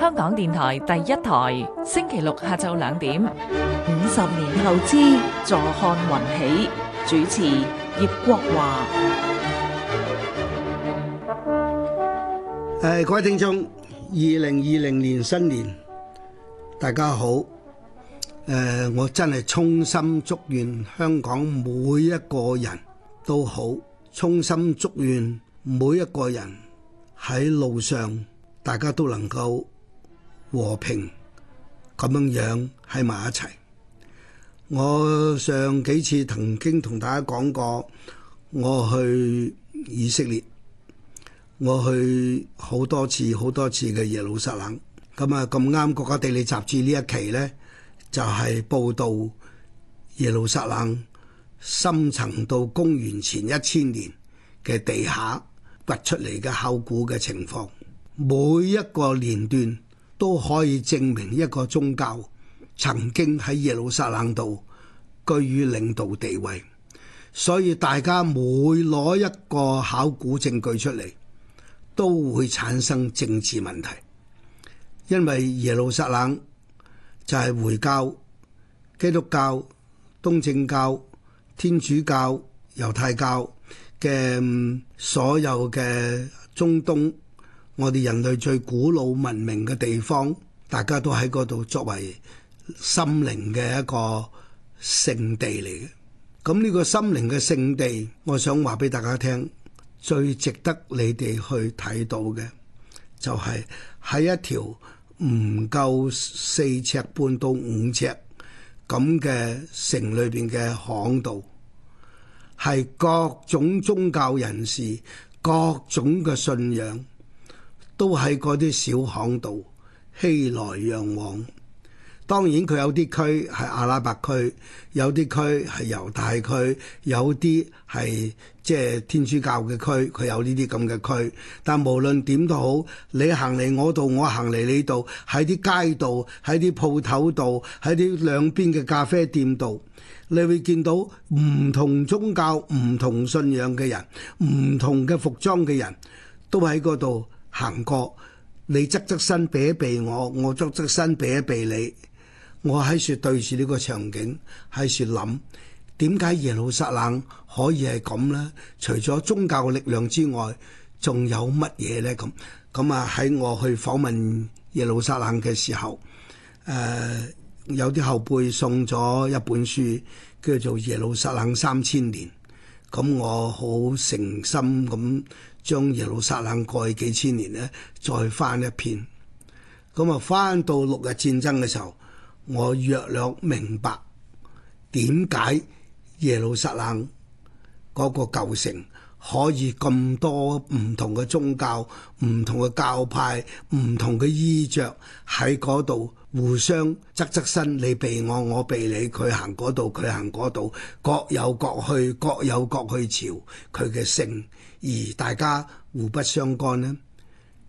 香港電台第一台，星期六下晝兩點。五十年後之，坐看雲起。主持葉國華。誒，各位聽眾，二零二零年新年，大家好。誒，我真係衷心祝願香港每一個人都好，衷心祝願。每一個人喺路上，大家都能夠和平咁樣樣喺埋一齊。我上幾次曾經同大家講過，我去以色列，我去好多次好多次嘅耶路撒冷。咁啊咁啱國家地理雜誌呢一期呢，就係、是、報道耶路撒冷深層到公元前一千年嘅地下。掘出嚟嘅考古嘅情況，每一個年段都可以證明一個宗教曾經喺耶路撒冷度居於領導地位。所以大家每攞一個考古證據出嚟，都會產生政治問題，因為耶路撒冷就係回教、基督教、東正教、天主教、猶太教，嘅所有嘅中東，我哋人類最古老文明嘅地方，大家都喺嗰度作為心靈嘅一個聖地嚟嘅。咁呢個心靈嘅聖地，我想話俾大家聽，最值得你哋去睇到嘅，就係喺一條唔夠四尺半到五尺咁嘅城裏邊嘅巷度。係各種宗教人士、各種嘅信仰，都喺嗰啲小巷度熙來攘往。當然佢有啲區係阿拉伯區，有啲區係猶太區，有啲係即係天主教嘅區，佢有呢啲咁嘅區。但無論點都好，你行嚟我度，我行嚟你度，喺啲街道、喺啲鋪頭度、喺啲兩邊嘅咖啡店度，你會見到唔同宗教、唔同信仰嘅人、唔同嘅服裝嘅人，都喺嗰度行過。你側側身避一避我，我側側身避一避你。我喺度對住呢個場景，喺度諗點解耶路撒冷可以係咁咧？除咗宗教嘅力量之外，仲有乜嘢咧？咁咁啊喺我去訪問耶路撒冷嘅時候，誒、呃，有啲後輩送咗一本書，叫做《耶路撒冷三千年》。咁、嗯、我好誠心咁將耶路撒冷過去幾千年咧，再翻一篇。咁、嗯、啊，翻到六日戰爭嘅時候。我約略明白點解耶路撒冷嗰個舊城可以咁多唔同嘅宗教、唔同嘅教派、唔同嘅衣着喺嗰度互相側側身，你避我，我避你，佢行嗰度，佢行嗰度，各有各去，各有各去朝佢嘅聖，而大家互不相干呢？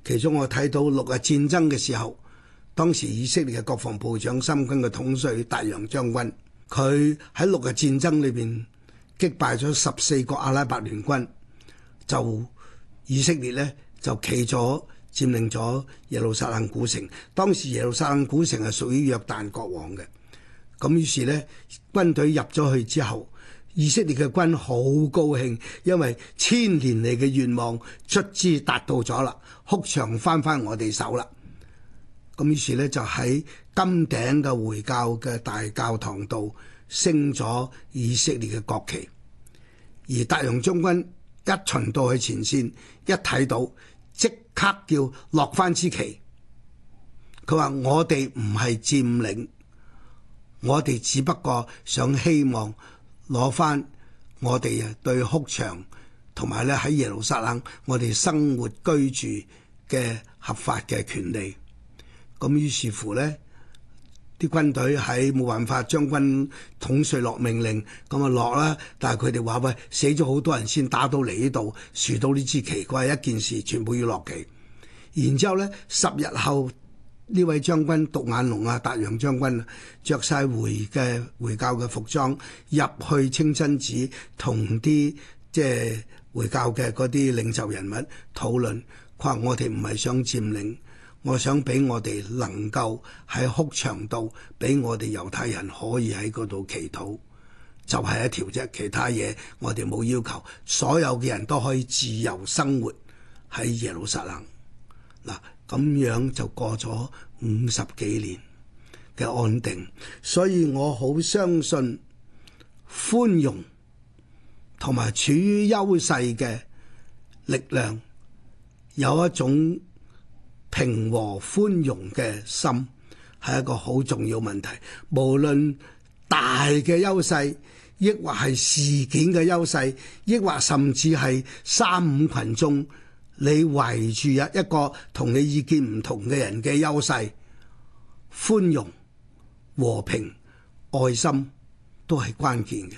其中我睇到六日戰爭嘅時候。當時以色列嘅國防部長、三軍嘅統帥達揚將軍，佢喺六日戰爭裏邊擊敗咗十四個阿拉伯聯軍，就以色列呢，就企咗佔領咗耶路撒冷古城。當時耶路撒冷古城係屬於約旦國王嘅，咁於是呢，軍隊入咗去之後，以色列嘅軍好高興，因為千年嚟嘅願望卒之達到咗啦，哭牆返返我哋手啦。咁於是呢，就喺金頂嘅回教嘅大教堂度升咗以色列嘅國旗，而達揚將軍一巡到去前線，一睇到即刻叫落翻支旗。佢話：我哋唔係佔領，我哋只不過想希望攞翻我哋對哭牆同埋咧喺耶路撒冷我哋生活居住嘅合法嘅權利。咁於是乎呢啲軍隊喺冇辦法，將軍統帥落命令，咁啊落啦。但係佢哋話喂，死咗好多人先打到嚟呢度，豎到呢支旗，奇怪一件事，全部要落旗。然之後呢十日後呢位將軍獨眼龍啊，達陽將軍着、啊、晒回嘅回教嘅服裝，入去清真寺同啲即係回教嘅嗰啲領袖人物討論，佢話我哋唔係想佔領。我想俾我哋能夠喺哭牆度，俾我哋猶太人可以喺嗰度祈禱，就係一條啫。其他嘢我哋冇要求，所有嘅人都可以自由生活喺耶路撒冷。嗱，咁樣就過咗五十幾年嘅安定，所以我好相信寬容同埋處於優勢嘅力量有一種。平和寬容嘅心係一個好重要問題，無論大嘅優勢，抑或係事件嘅優勢，抑或甚至係三五群眾你圍住一個同你意見唔同嘅人嘅優勢，寬容、和平、愛心都係關鍵嘅。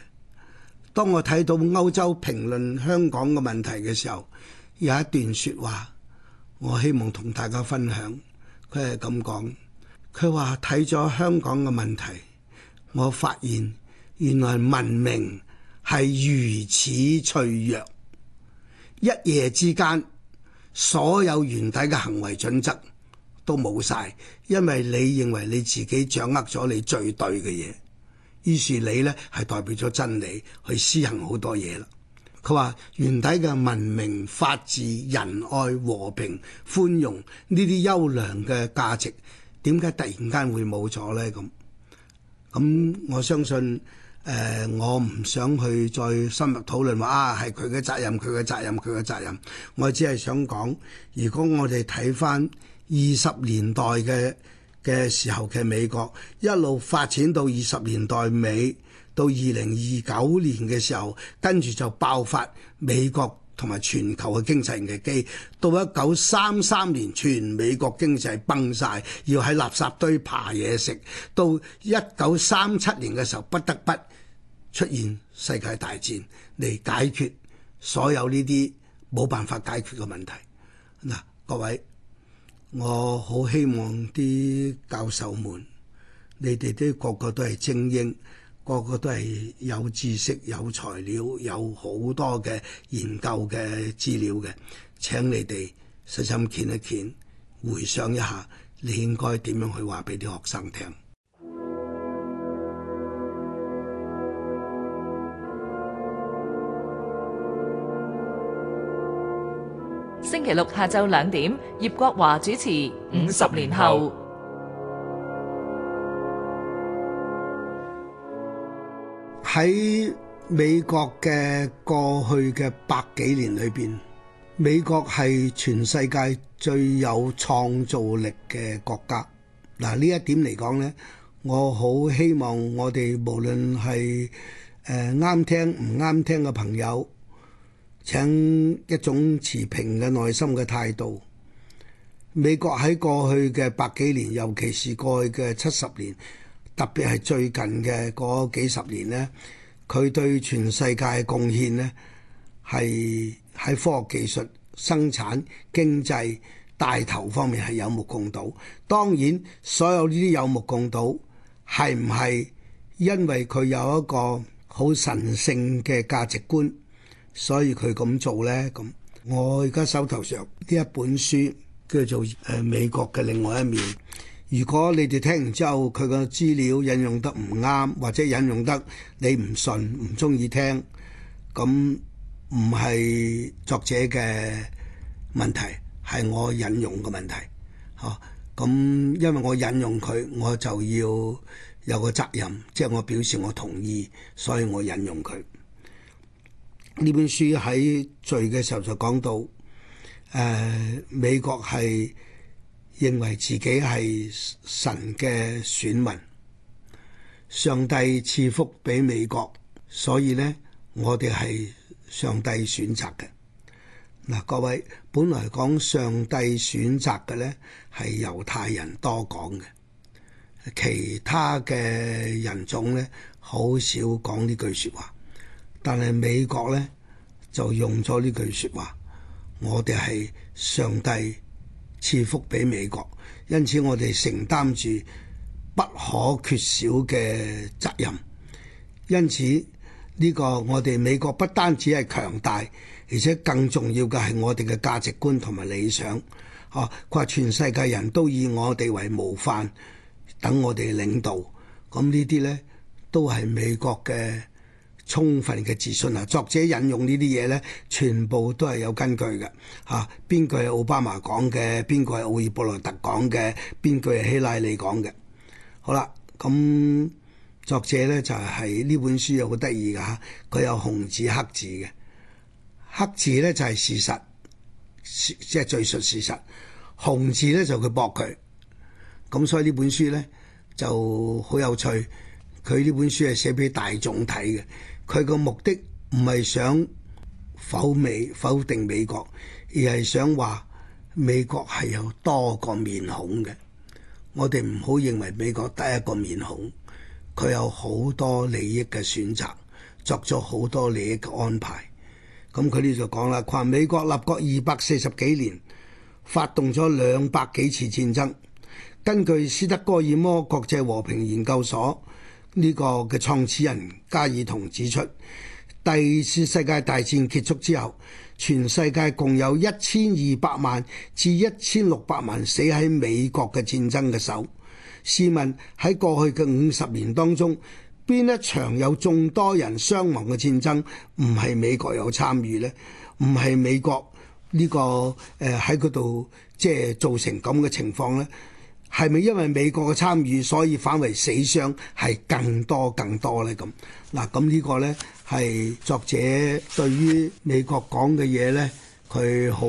當我睇到歐洲評論香港嘅問題嘅時候，有一段說話。我希望同大家分享，佢係咁講，佢話睇咗香港嘅問題，我發現原來文明係如此脆弱，一夜之間，所有原底嘅行為準則都冇晒，因為你認為你自己掌握咗你最對嘅嘢，於是你呢係代表咗真理去施行好多嘢啦。佢話：原底嘅文明、法治、仁愛、和平、寬容呢啲優良嘅價值，點解突然間會冇咗呢？咁咁、嗯，我相信誒、呃，我唔想去再深入討論話啊，係佢嘅責任，佢嘅責任，佢嘅責任。我只係想講，如果我哋睇翻二十年代嘅嘅時候嘅美國，一路發展到二十年代尾。到二零二九年嘅時候，跟住就爆發美國同埋全球嘅經濟危機。到一九三三年，全美國經濟崩晒，要喺垃圾堆爬嘢食。到一九三七年嘅時候，不得不出現世界大戰嚟解決所有呢啲冇辦法解決嘅問題。嗱、呃，各位，我好希望啲教授們，你哋啲個個都係精英。個個都係有知識、有材料、有好多嘅研究嘅資料嘅，請你哋細心傾一傾，回想一下，你應該點樣去話俾啲學生聽。星期六下晝兩點，葉國華主持《五十年後》。喺美國嘅過去嘅百幾年裏邊，美國係全世界最有創造力嘅國家。嗱，呢一點嚟講呢，我好希望我哋無論係呃、啱聽唔啱聽嘅朋友，請一種持平嘅內心嘅態度。美國喺過去嘅百幾年，尤其是過去嘅七十年。特別係最近嘅嗰幾十年呢，佢對全世界嘅貢獻呢，係喺科學技術、生產、經濟帶頭方面係有目共睹。當然，所有呢啲有目共睹，係唔係因為佢有一個好神聖嘅價值觀，所以佢咁做呢？咁我而家手頭上呢一本書叫做《誒美國嘅另外一面》。如果你哋聽完之後，佢個資料引用得唔啱，或者引用得你唔信、唔中意聽，咁唔係作者嘅問題，係我引用嘅問題。嚇，咁因為我引用佢，我就要有個責任，即係我表示我同意，所以我引用佢。呢本書喺序嘅時候就講到，誒、呃、美國係。認為自己係神嘅選民，上帝賜福俾美國，所以呢，我哋係上帝選擇嘅。嗱，各位本來講上帝選擇嘅呢，係猶太人多講嘅，其他嘅人種呢，好少講呢句說話，但係美國呢，就用咗呢句說話，我哋係上帝。賜福俾美國，因此我哋承擔住不可缺少嘅責任。因此呢個我哋美國不單止係強大，而且更重要嘅係我哋嘅價值觀同埋理想。哦、啊，佢話全世界人都以我哋為模範，等我哋領導。咁呢啲呢都係美國嘅。充分嘅自信啊！作者引用呢啲嘢咧，全部都係有根據嘅嚇。邊句係奧巴馬講嘅？邊句係奧爾布萊特講嘅？邊句係希拉里講嘅？好啦，咁作者咧就係呢本書又好得意嘅嚇。佢有紅字黑字嘅，黑字咧就係事實，即係敍述事實；紅字咧就佢駁佢。咁所以呢本書咧就好有趣。佢呢本書係寫俾大眾睇嘅。佢個目的唔係想否美否定美國，而係想話美國係有多個面孔嘅。我哋唔好認為美國得一個面孔，佢有好多利益嘅選擇，作咗好多利益嘅安排。咁佢呢就講啦，話美國立國二百四十幾年，發動咗兩百幾次戰爭。根據斯德哥爾摩國際和平研究所。呢個嘅創始人加爾同指出，第二次世界大戰結束之後，全世界共有一千二百萬至一千六百萬死喺美國嘅戰爭嘅手。試問喺過去嘅五十年當中，邊一場有眾多人傷亡嘅戰爭唔係美國有參與呢？唔係美國呢個誒喺嗰度即係造成咁嘅情況呢？係咪因為美國嘅參與，所以反為死傷係更多更多咧？咁嗱，咁呢個咧係作者對於美國講嘅嘢咧，佢好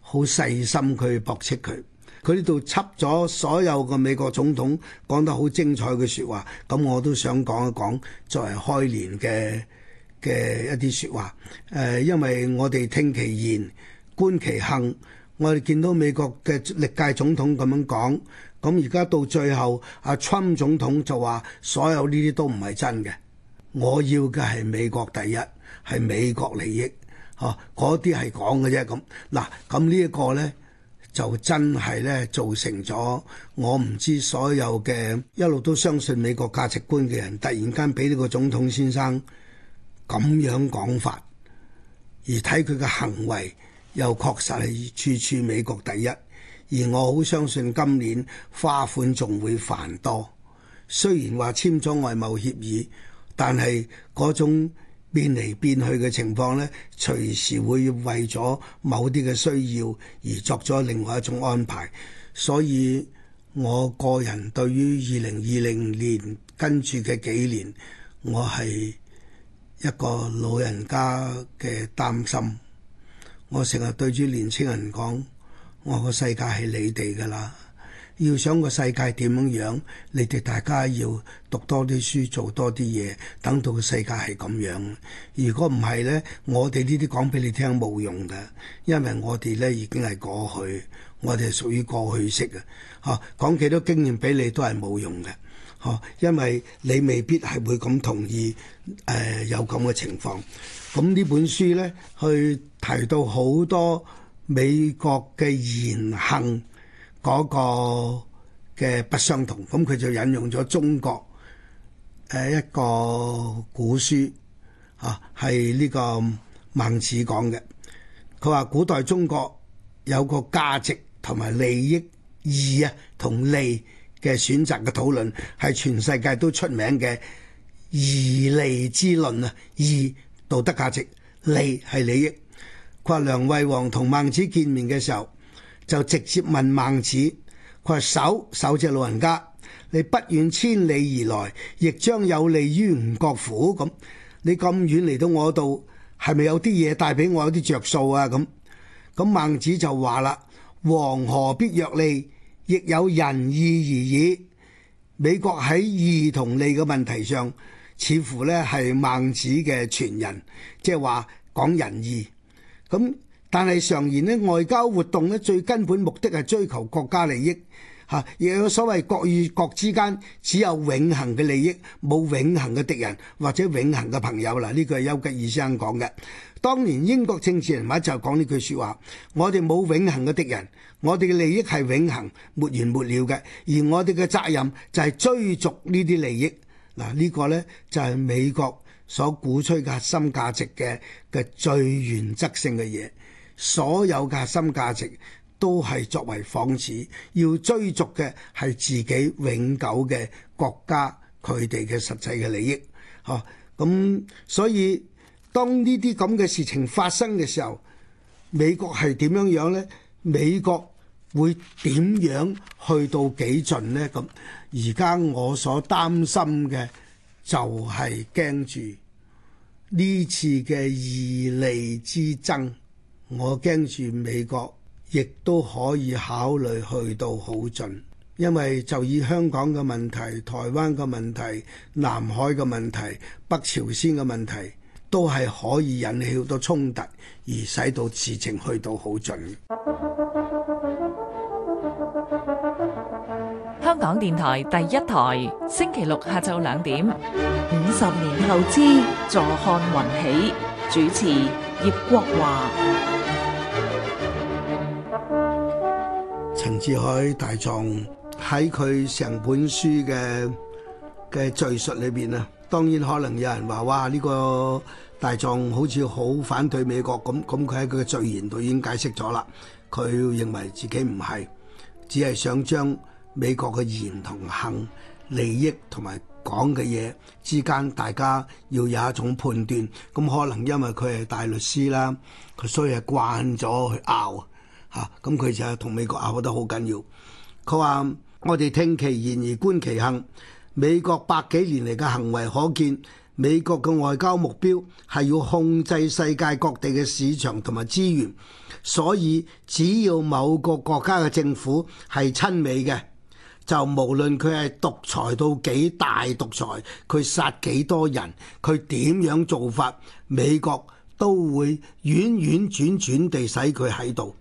好細心去駁斥佢。佢呢度輯咗所有嘅美國總統講得好精彩嘅説話，咁我都想講一講，作為開年嘅嘅一啲説話。誒、呃，因為我哋聽其言，觀其行。我哋見到美國嘅歷屆總統咁樣講，咁而家到最後，阿 Trump 總統就話所有呢啲都唔係真嘅。我要嘅係美國第一，係美國利益，嗬，嗰啲係講嘅啫。咁嗱，咁呢一個咧就真係咧造成咗我唔知所有嘅一路都相信美國價值觀嘅人，突然間俾呢個總統先生咁樣講法，而睇佢嘅行為。又確實係處處美國第一，而我好相信今年花款仲會繁多。雖然話簽咗外貿協議，但係嗰種變嚟變去嘅情況呢，隨時會為咗某啲嘅需要而作咗另外一種安排。所以我個人對於二零二零年跟住嘅幾年，我係一個老人家嘅擔心。我成日對住年青人講，我個世界係你哋噶啦。要想個世界點樣樣，你哋大家要讀多啲書，做多啲嘢，等到個世界係咁樣。如果唔係咧，我哋呢啲講俾你聽冇用嘅，因為我哋咧已經係過去，我哋係屬於過去式嘅。嚇，講幾多經驗俾你都係冇用嘅。嚇，因為你未必係會咁同意。誒、呃，有咁嘅情況。咁呢本書咧，去提到好多美國嘅言行嗰個嘅不相同。咁佢就引用咗中國誒一個古書嚇，係呢個孟子講嘅。佢話古代中國有個價值同埋利益，義啊同利嘅選擇嘅討論，係全世界都出名嘅義利之論啊，義。道德價值，利係利益。佢話梁惠王同孟子見面嘅時候，就直接問孟子：佢話守守隻老人家，你不遠千里而來，亦將有利於吳國府咁。你咁遠嚟到我度，係咪有啲嘢帶俾我有啲着數啊？咁咁孟子就話啦：王何必弱利？亦有仁義而已。美國喺義同利嘅問題上。似乎呢係孟子嘅傳人，即係話講仁義。咁但係常言呢外交活動呢，最根本目的係追求國家利益嚇。亦、啊、有所謂國與國之間只有永恆嘅利益，冇永恆嘅敵人或者永恆嘅朋友啦。呢句係丘吉爾先生講嘅。當年英國政治人物就講呢句説話：我哋冇永恆嘅敵人，我哋嘅利益係永恆、沒完沒了嘅，而我哋嘅責任就係追逐呢啲利益。嗱，呢個呢就係美國所鼓吹嘅核心價值嘅嘅最原則性嘅嘢，所有嘅核心價值都係作為幌子，要追逐嘅係自己永久嘅國家佢哋嘅實際嘅利益。嚇，咁所以當呢啲咁嘅事情發生嘅時候，美國係點樣樣呢？美國。會點樣去到幾盡呢？咁而家我所擔心嘅就係驚住呢次嘅二利之爭，我驚住美國亦都可以考慮去到好盡，因為就以香港嘅問題、台灣嘅問題、南海嘅問題、北朝鮮嘅問題，都係可以引起好多衝突，而使到事情去到好盡。港電台第一台，星期六下晝兩點。五十年投資，坐看雲起。主持葉國華、陳志海、大壯喺佢成本書嘅嘅敘述裏邊啊，當然可能有人話：，哇，呢、這個大壯好似好反對美國咁。咁佢喺佢嘅序言度已經解釋咗啦。佢認為自己唔係，只係想將。美國嘅言同行、利益同埋講嘅嘢之間，大家要有一種判斷。咁可能因為佢係大律師啦，佢所以係慣咗去拗啊。咁佢就同美國拗得好緊要。佢話，我哋聽其言而觀其行。美國百幾年嚟嘅行為可見，美國嘅外交目標係要控制世界各地嘅市場同埋資源。所以只要某個國家嘅政府係親美嘅，就無論佢係獨裁到幾大獨裁，佢殺幾多人，佢點樣做法，美國都會婉婉轉轉地使佢喺度。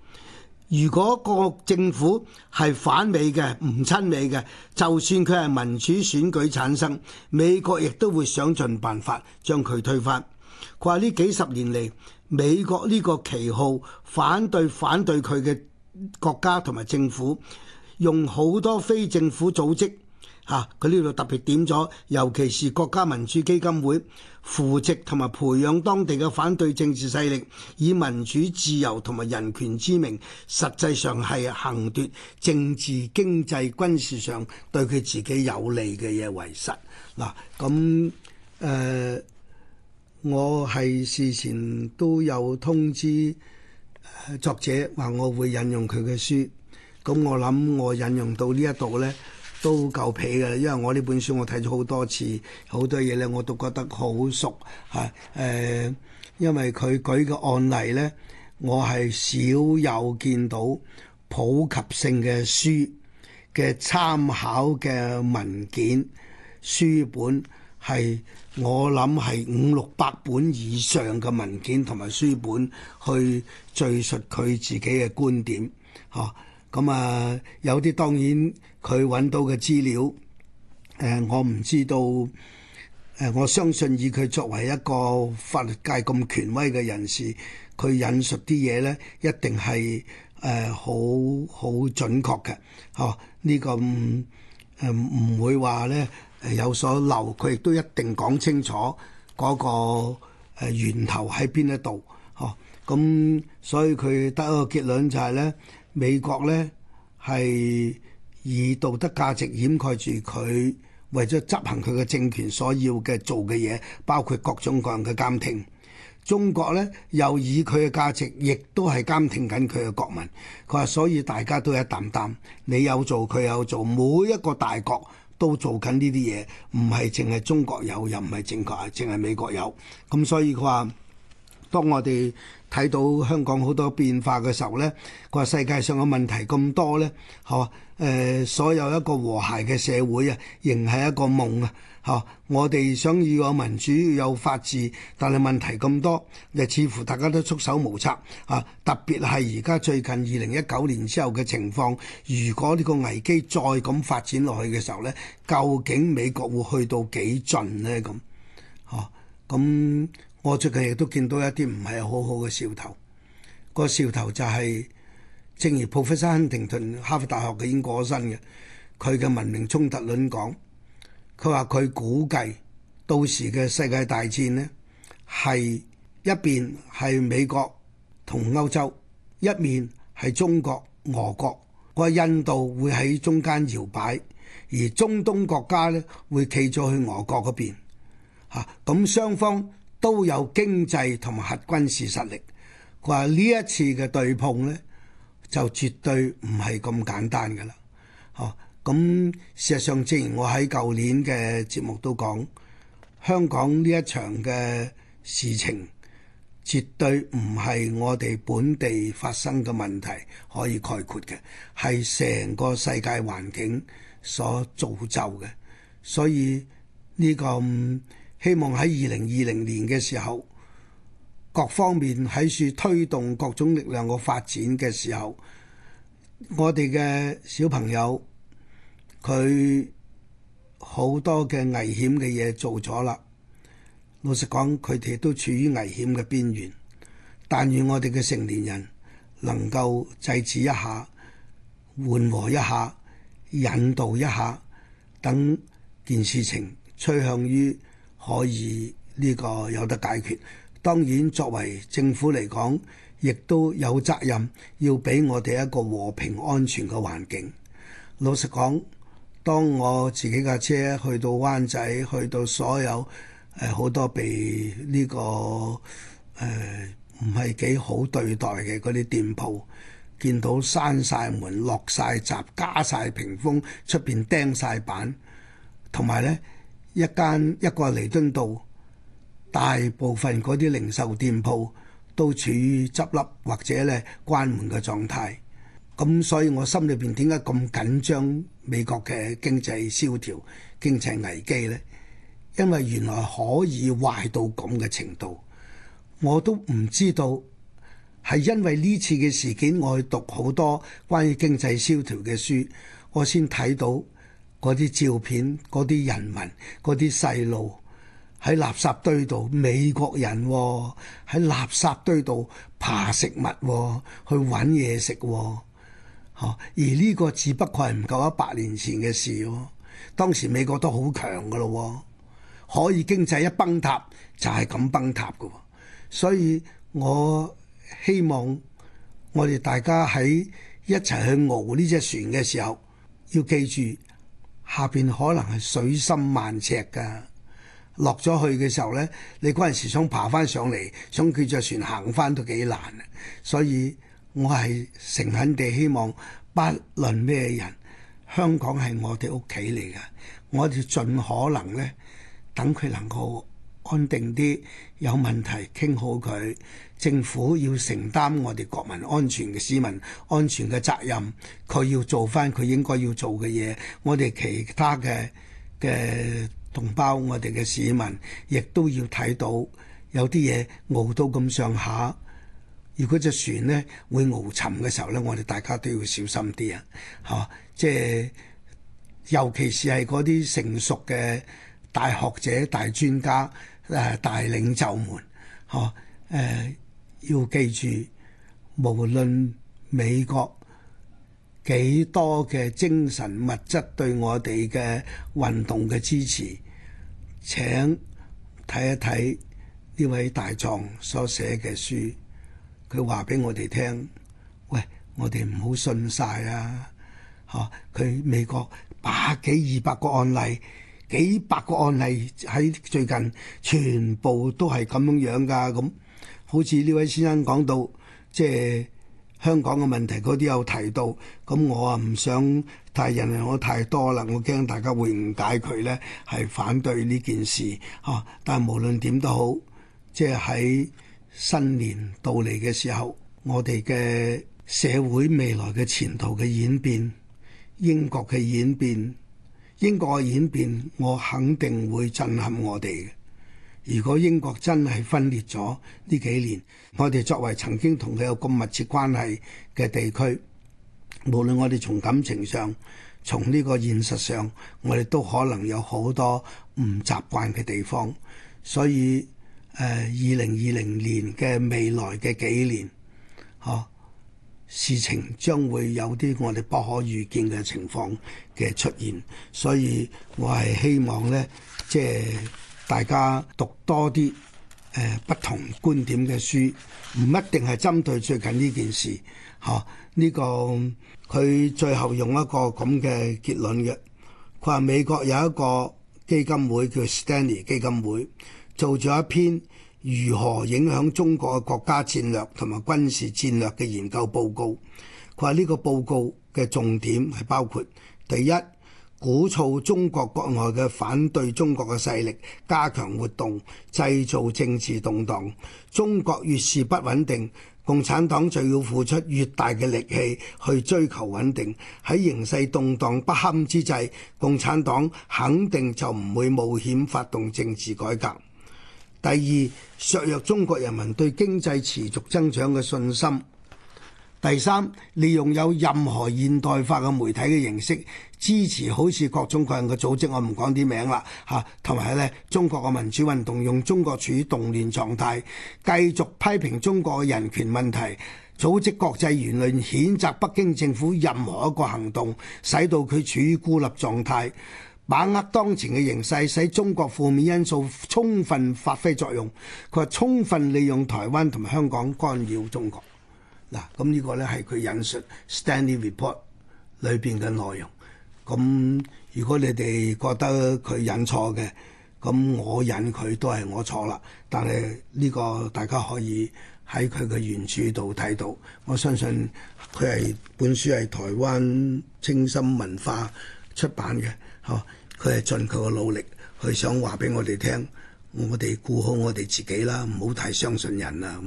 如果個政府係反美嘅、唔親美嘅，就算佢係民主選舉產生，美國亦都會想盡辦法將佢推翻。佢話呢幾十年嚟，美國呢個旗號反對、反對佢嘅國家同埋政府。用好多非政府組織嚇，佢呢度特別點咗，尤其是國家民主基金會扶植同埋培養當地嘅反對政治勢力，以民主自由同埋人權之名，實際上係行奪政治、經濟、軍事上對佢自己有利嘅嘢為實。嗱、啊，咁誒、呃，我係事前都有通知作者話，我會引用佢嘅書。咁我諗我引用到呢一度咧都夠皮嘅，因為我呢本書我睇咗好多次，好多嘢咧我都覺得好熟嚇。誒、呃，因為佢舉嘅案例咧，我係少有見到普及性嘅書嘅參考嘅文件書本，係我諗係五六百本以上嘅文件同埋書本去敍述佢自己嘅觀點嚇。啊咁啊、嗯，有啲當然佢揾到嘅資料，誒、呃，我唔知道。誒、呃，我相信以佢作為一個法律界咁權威嘅人士，佢引述啲嘢咧，一定係誒好好準確嘅。哦、啊，呢個嗯呃、呢個誒唔會話咧有所漏，佢亦都一定講清楚嗰個源頭喺邊一度。哦、啊，咁、嗯、所以佢得一個結論就係咧。美國呢係以道德價值掩蓋住佢為咗執行佢嘅政權所要嘅做嘅嘢，包括各種各樣嘅監聽。中國呢又以佢嘅價值，亦都係監聽緊佢嘅國民。佢話所以大家都一擔擔，你有做佢有做，每一個大國都做緊呢啲嘢，唔係淨係中國有，又唔係正確啊，淨係美國有。咁所以佢話，當我哋。睇到香港好多變化嘅時候呢，佢話世界上嘅問題咁多呢，嚇誒，所有一個和諧嘅社會啊，仍係一個夢啊，嚇！我哋想要有民主有法治，但係問題咁多，又似乎大家都束手無策啊！特別係而家最近二零一九年之後嘅情況，如果呢個危機再咁發展落去嘅時候呢，究竟美國會去到幾盡呢？咁嚇咁。我最近亦都見到一啲唔係好好嘅兆頭。那個兆頭就係正如普佛山亨廷 s 哈佛大學嘅英國身嘅佢嘅文明衝突論講，佢話佢估計到時嘅世界大戰呢，係一邊係美國同歐洲，一面係中國俄國，個印度會喺中間搖擺，而中東國家咧會企咗去俄國嗰邊咁、啊、雙方。都有經濟同核軍事實力，佢話呢一次嘅對碰呢，就絕對唔係咁簡單㗎喇。咁事實上，正如我喺舊年嘅節目都講，香港呢一場嘅事情，絕對唔係我哋本地發生嘅問題可以概括嘅，係成個世界環境所造就嘅，所以呢個。希望喺二零二零年嘅時候，各方面喺處推動各種力量個發展嘅時候，我哋嘅小朋友佢好多嘅危險嘅嘢做咗啦。老實講，佢哋都處於危險嘅邊緣。但願我哋嘅成年人能夠制止一下、緩和一下、引導一下，等件事情趨向於。可以呢個有得解決。當然作為政府嚟講，亦都有責任要俾我哋一個和平安全嘅環境。老實講，當我自己架車去到灣仔，去到所有誒好多被呢個誒唔係幾好對待嘅嗰啲店鋪，見到閂晒門、落晒閘、加晒屏風、出邊釘晒板，同埋呢。一間一個彌敦道，大部分嗰啲零售店鋪都處於執笠或者咧關門嘅狀態。咁所以我心裏面點解咁緊張美國嘅經濟蕭條、經濟危機呢？因為原來可以壞到咁嘅程度，我都唔知道。係因為呢次嘅事件，我去讀好多關於經濟蕭條嘅書，我先睇到。嗰啲照片，嗰啲人民，嗰啲細路喺垃圾堆度。美國人喺、哦、垃圾堆度爬食物、哦，去揾嘢食。嚇、哦，而呢個只不過係唔夠一百年前嘅事喎、哦。當時美國都好強噶咯、哦，可以經濟一崩塌就係、是、咁崩塌噶、哦。所以我希望我哋大家喺一齊去熬呢隻船嘅時候，要記住。下邊可能係水深萬尺噶，落咗去嘅時候咧，你嗰陣時想爬翻上嚟，想佢隻船行翻都幾難啊！所以我係誠懇地希望，不論咩人，香港係我哋屋企嚟噶，我哋盡可能咧，等佢能夠安定啲，有問題傾好佢。政府要承擔我哋國民安全嘅市民安全嘅責任，佢要做翻佢應該要做嘅嘢。我哋其他嘅嘅同胞，我哋嘅市民亦都要睇到，有啲嘢熬到咁上下。如果隻船呢會熬沉嘅時候呢，我哋大家都要小心啲啊！嚇，即係尤其是係嗰啲成熟嘅大學者、大專家、誒、呃、大領袖們，嚇，誒、呃。要記住，無論美國幾多嘅精神物質對我哋嘅運動嘅支持，請睇一睇呢位大狀所寫嘅書。佢話俾我哋聽：「喂，我哋唔好信晒啊。」嚇！佢美國百幾二百個案例，幾百個案例喺最近全部都係咁樣樣噶咁。嗯。好似呢位先生講到，即係香港嘅問題嗰啲有提到，咁我啊唔想太人，人我太多啦，我驚大家會誤解佢咧，係反對呢件事嚇、啊。但係無論點都好，即係喺新年到嚟嘅時候，我哋嘅社會未來嘅前途嘅演變，英國嘅演變，英國嘅演變，我肯定會震撼我哋。如果英國真係分裂咗呢幾年，我哋作為曾經同佢有咁密切關係嘅地區，無論我哋從感情上、從呢個現實上，我哋都可能有好多唔習慣嘅地方。所以，誒二零二零年嘅未來嘅幾年，嚇、啊、事情將會有啲我哋不可預見嘅情況嘅出現。所以我係希望呢，即大家讀多啲誒不同觀點嘅書，唔一定係針對最近呢件事。吓、啊、呢、呢個佢最後用一個咁嘅結論嘅，佢話美國有一個基金會叫 Stanley 基金會做咗一篇如何影響中國嘅國家戰略同埋軍事戰略嘅研究報告。佢話呢個報告嘅重點係包括第一。鼓噪中國國外嘅反對中國嘅勢力，加強活動，製造政治動盪。中國越是不穩定，共產黨就要付出越大嘅力氣去追求穩定。喺形勢動盪不堪之際，共產黨肯定就唔會冒險發動政治改革。第二，削弱中國人民對經濟持續增長嘅信心。第三，利用有任何現代化嘅媒體嘅形式，支持好似各種各樣嘅組織，我唔講啲名啦吓，同埋咧中國嘅民主運動，用中國處於動亂狀態，繼續批評中國嘅人權問題，組織國際言論，譴責北京政府任何一個行動，使到佢處於孤立狀態，把握當前嘅形勢，使中國負面因素充分發揮作用。佢話充分利用台灣同埋香港干擾中國。嗱，咁呢個咧係佢引述 Stanley Report 裏邊嘅內容。咁如果你哋覺得佢引錯嘅，咁我引佢都係我錯啦。但係呢個大家可以喺佢嘅原著度睇到。我相信佢係本書係台灣清新文化出版嘅，吓佢係盡佢嘅努力去想話俾我哋聽。我哋顧好我哋自己啦，唔好太相信人啦。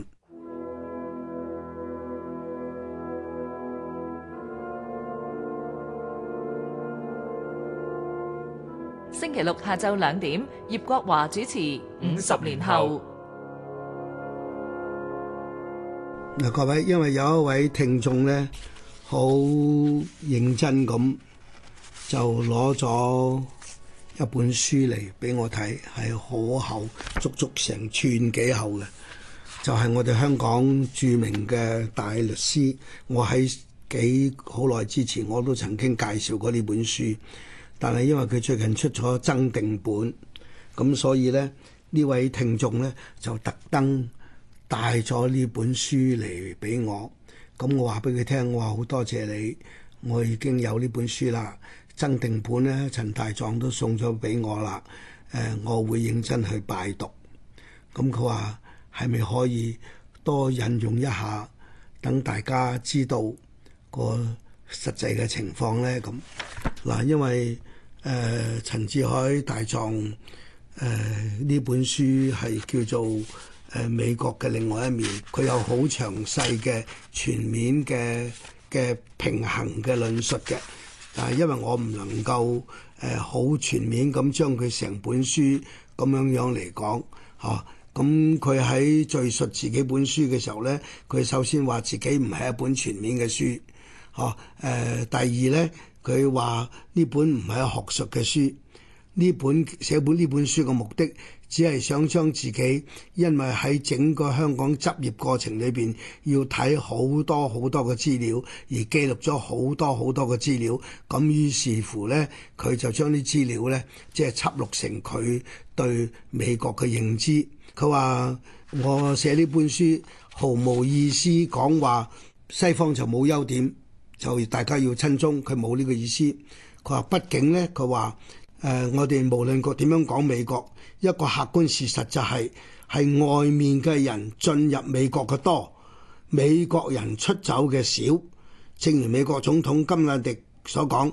星期六下晝兩點，葉國華主持《五十年後》年後。嗱，各位，因為有一位聽眾咧，好認真咁就攞咗一本書嚟俾我睇，係好厚，足足成寸幾厚嘅，就係、是、我哋香港著名嘅大律師。我喺幾好耐之前，我都曾經介紹過呢本書。但係因為佢最近出咗《增訂本》，咁所以咧呢位聽眾咧就特登帶咗呢本書嚟俾我。咁我話俾佢聽，我話好多謝你，我已經有呢本書啦，《增訂本呢》咧陳大壯都送咗俾我啦。誒，我會認真去拜讀。咁佢話係咪可以多引用一下，等大家知道個實際嘅情況咧？咁。嗱，因為誒、呃、陳志海大狀誒呢本書係叫做誒美國嘅另外一面，佢有好詳細嘅全面嘅嘅平衡嘅論述嘅。但、呃、啊，因為我唔能夠誒好、呃、全面咁將佢成本書咁樣樣嚟講嚇。咁佢喺敍述自己本書嘅時候咧，佢首先話自己唔係一本全面嘅書，嚇、啊、誒、呃。第二咧。佢話：呢本唔係學術嘅書，呢本寫本呢本書嘅目的，只係想將自己因為喺整個香港執業過程裏邊，要睇好多好多嘅資料，而記錄咗好多好多嘅資料。咁於是乎呢，佢就將啲資料呢，即係輯錄成佢對美國嘅認知。佢話：我寫呢本書毫無意思講，講話西方就冇優點。就大家要親中，佢冇呢個意思。佢話：畢竟呢，佢話，誒、呃，我哋無論個點樣講美國，一個客觀事實就係，是，係外面嘅人進入美國嘅多，美國人出走嘅少。正如美國總統甘迺迪所講，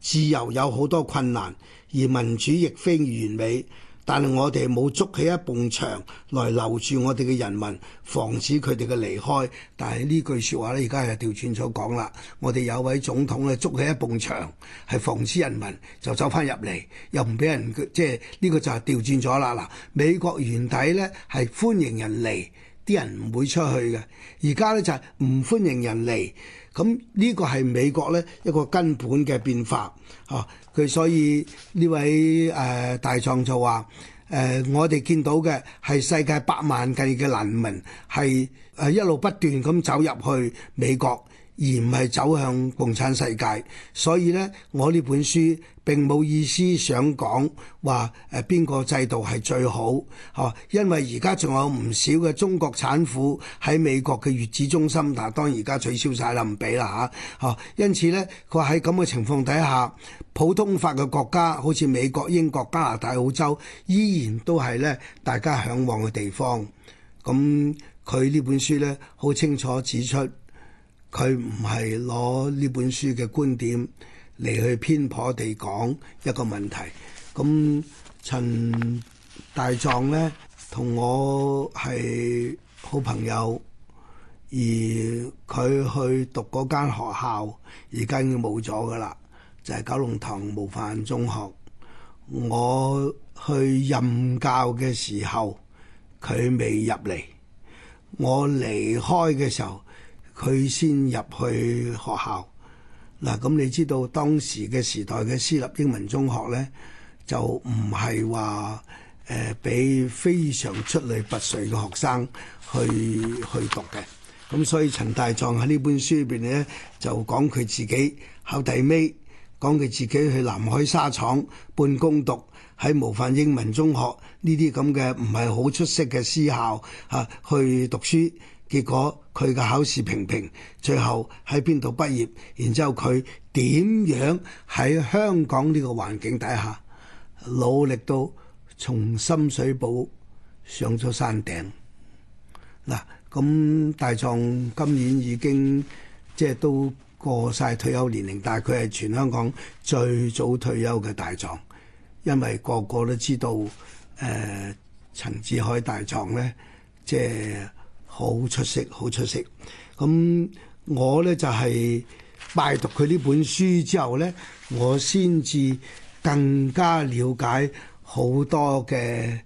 自由有好多困難，而民主亦非完美。但係我哋冇築起一埲牆來留住我哋嘅人民，防止佢哋嘅離開。但係呢句説話呢，而家係調轉咗講啦。我哋有位總統呢，築起一埲牆，係防止人民就走翻入嚟，又唔俾人，即係呢個就係調轉咗啦嗱。美國原底呢係歡迎人嚟，啲人唔會出去嘅。而家呢就係唔歡迎人嚟，咁呢個係美國呢一個根本嘅變化啊！佢所以呢位誒大創造話誒，我哋見到嘅係世界百萬計嘅難民，係誒一路不斷咁走入去美國，而唔係走向共產世界，所以呢，我呢本書並冇意思想講話誒邊個制度係最好，嚇，因為而家仲有唔少嘅中國產婦喺美國嘅月子中心，但係當然而家取消晒啦，唔俾啦嚇，嚇，因此呢，佢喺咁嘅情況底下，普通法嘅國家，好似美國、英國、加拿大、澳洲，依然都係咧大家向往嘅地方。咁佢呢本書呢，好清楚指出。佢唔係攞呢本書嘅觀點嚟去偏頗地講一個問題。咁陳大壯呢，同我係好朋友，而佢去讀嗰間學校，而家已經冇咗噶啦，就係九龍塘模範中學。我去任教嘅時候，佢未入嚟；我離開嘅時候，佢先入去學校嗱，咁你知道當時嘅時代嘅私立英文中學咧，就唔係話誒俾非常出類拔萃嘅學生去去讀嘅。咁所以陳大壯喺呢本書入邊咧，就講佢自己考第尾，講佢自己去南海沙廠半工讀，喺模範英文中學呢啲咁嘅唔係好出色嘅私校啊去讀書。結果佢嘅考試平平，最後喺邊度畢業？然之後佢點樣喺香港呢個環境底下努力到從深水埗上咗山頂？嗱，咁大狀今年已經即係都過晒退休年齡，但係佢係全香港最早退休嘅大狀，因為個個都知道誒陳志海大狀咧，即係。好出色，好出色！咁我呢，就係、是、拜讀佢呢本書之後呢，我先至更加了解好多嘅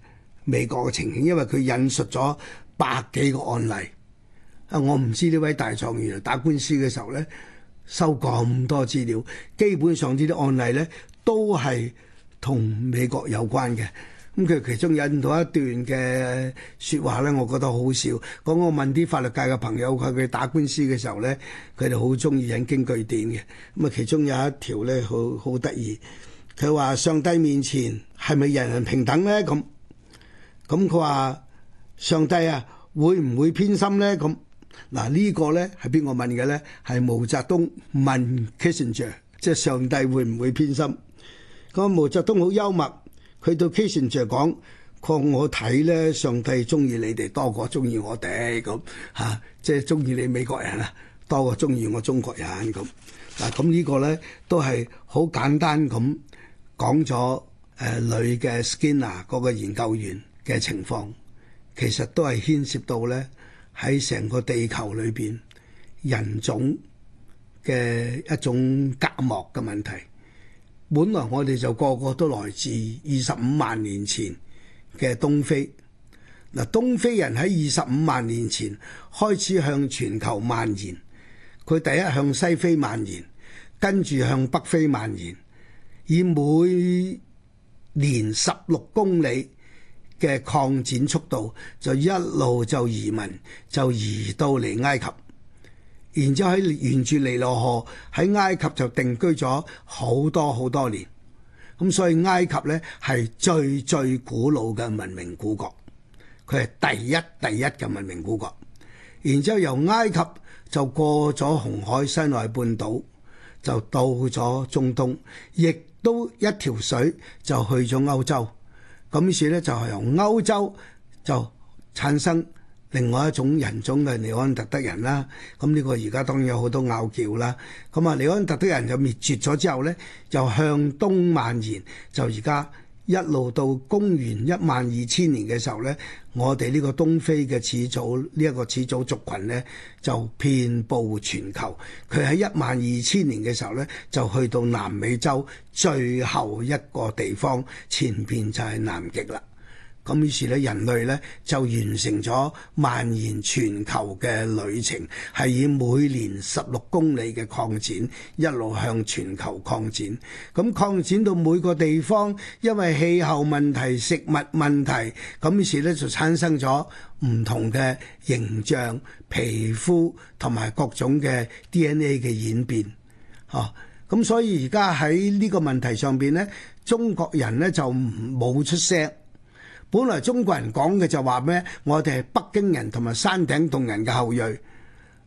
美國嘅情形，因為佢引述咗百幾個案例。啊，我唔知呢位大狀員打官司嘅時候呢，收咁多資料，基本上呢啲案例呢，都係同美國有關嘅。咁佢其中引到一段嘅說話咧，我覺得好笑。講，我問啲法律界嘅朋友，佢佢打官司嘅時候咧，佢哋好中意引經據典嘅。咁啊，其中有一條咧，好好得意。佢話，上帝面前係咪人人平等咧？咁咁佢話上帝啊，會唔會偏心咧？咁嗱、這個、呢個咧係邊個問嘅咧？係毛澤東問 Kissinger，即係上帝會唔會偏心？咁毛澤東好幽默。去到 K 先生講，確我睇咧，上帝中意你哋多過中意我哋咁嚇，即係中意你美國人啦，多過中意我中國人咁。嗱，咁、啊、呢個咧都係好簡單咁講咗誒女、呃、嘅 Skinner 個研究員嘅情況，其實都係牽涉到咧喺成個地球裏邊人種嘅一種隔膜嘅問題。本來我哋就個個都來自二十五萬年前嘅東非，嗱，東非人喺二十五萬年前開始向全球蔓延，佢第一向西非蔓延，跟住向北非蔓延，以每年十六公里嘅擴展速度，就一路就移民，就移到嚟埃及。然之後喺沿住尼羅河喺埃及就定居咗好多好多年，咁所以埃及咧係最最古老嘅文明古國，佢係第一第一嘅文明古國。然之後由埃及就過咗紅海西奈半島，就到咗中東，亦都一條水就去咗歐洲。咁於是咧就係由歐洲就產生另外一種人種嘅尼安特德人啦，咁呢個而家當然有好多拗撬啦。咁啊，尼安特德人就滅絕咗之後咧，就向東蔓延，就而家一路到公元一萬二千年嘅時候咧，我哋呢個東非嘅始祖呢一個始祖族群咧，就遍佈全球。佢喺一萬二千年嘅時候咧，就去到南美洲最後一個地方，前邊就係南極啦。咁於是咧，人類咧就完成咗蔓延全球嘅旅程，係以每年十六公里嘅擴展，一路向全球擴展。咁擴展到每個地方，因為氣候問題、食物問題，咁於是咧就產生咗唔同嘅形象、皮膚同埋各種嘅 DNA 嘅演變。哦，咁所以而家喺呢個問題上邊咧，中國人咧就冇出聲。本來中國人講嘅就話咩？我哋係北京人同埋山頂洞人嘅後裔。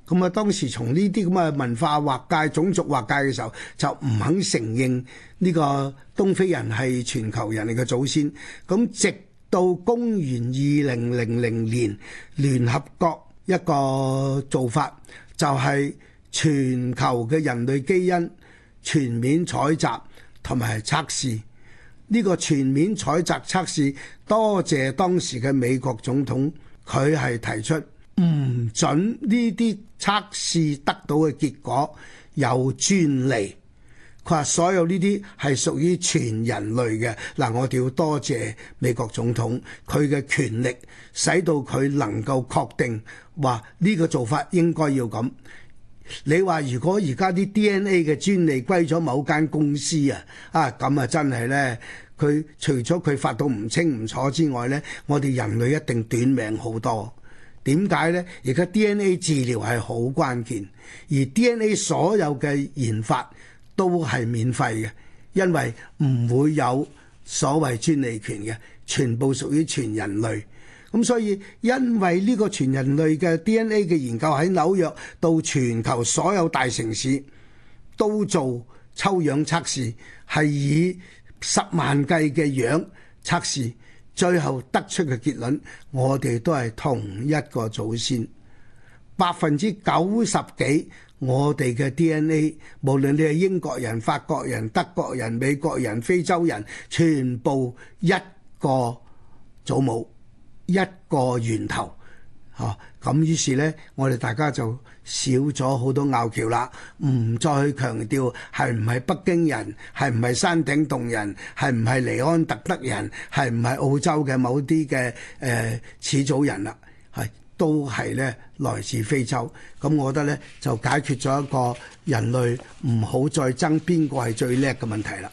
咁啊，當時從呢啲咁嘅文化劃界、種族劃界嘅時候，就唔肯承認呢個東非人係全球人類嘅祖先。咁直到公元二零零零年，聯合國一個做法就係全球嘅人類基因全面採集同埋測試。呢個全面採集測試，多謝當時嘅美國總統，佢係提出唔準呢啲測試得到嘅結果有專利。佢話所有呢啲係屬於全人類嘅。嗱，我哋要多謝美國總統，佢嘅權力使到佢能夠確定話呢個做法應該要咁。你話如果而家啲 DNA 嘅專利歸咗某間公司啊，啊咁啊真係呢。佢除咗佢發到唔清唔楚之外咧，我哋人類一定短命好多。點解咧？而家 D N A 治療係好關鍵，而 D N A 所有嘅研發都係免費嘅，因為唔會有所謂專利權嘅，全部屬於全人類，咁所以因為呢個全人類嘅 D N A 嘅研究喺紐約到全球所有大城市都做抽樣測試，係以。十萬計嘅樣測試，最後得出嘅結論，我哋都係同一個祖先，百分之九十幾，我哋嘅 DNA，無論你係英國人、法國人、德國人、美國人、非洲人，全部一個祖母，一個源頭。哦，咁、啊、於是呢，我哋大家就少咗好多拗撬啦，唔再去強調係唔係北京人，係唔係山頂洞人，係唔係尼安特德人，係唔係澳洲嘅某啲嘅誒始祖人啦，係都係呢來自非洲。咁、嗯、我覺得呢，就解決咗一個人類唔好再爭邊個係最叻嘅問題啦。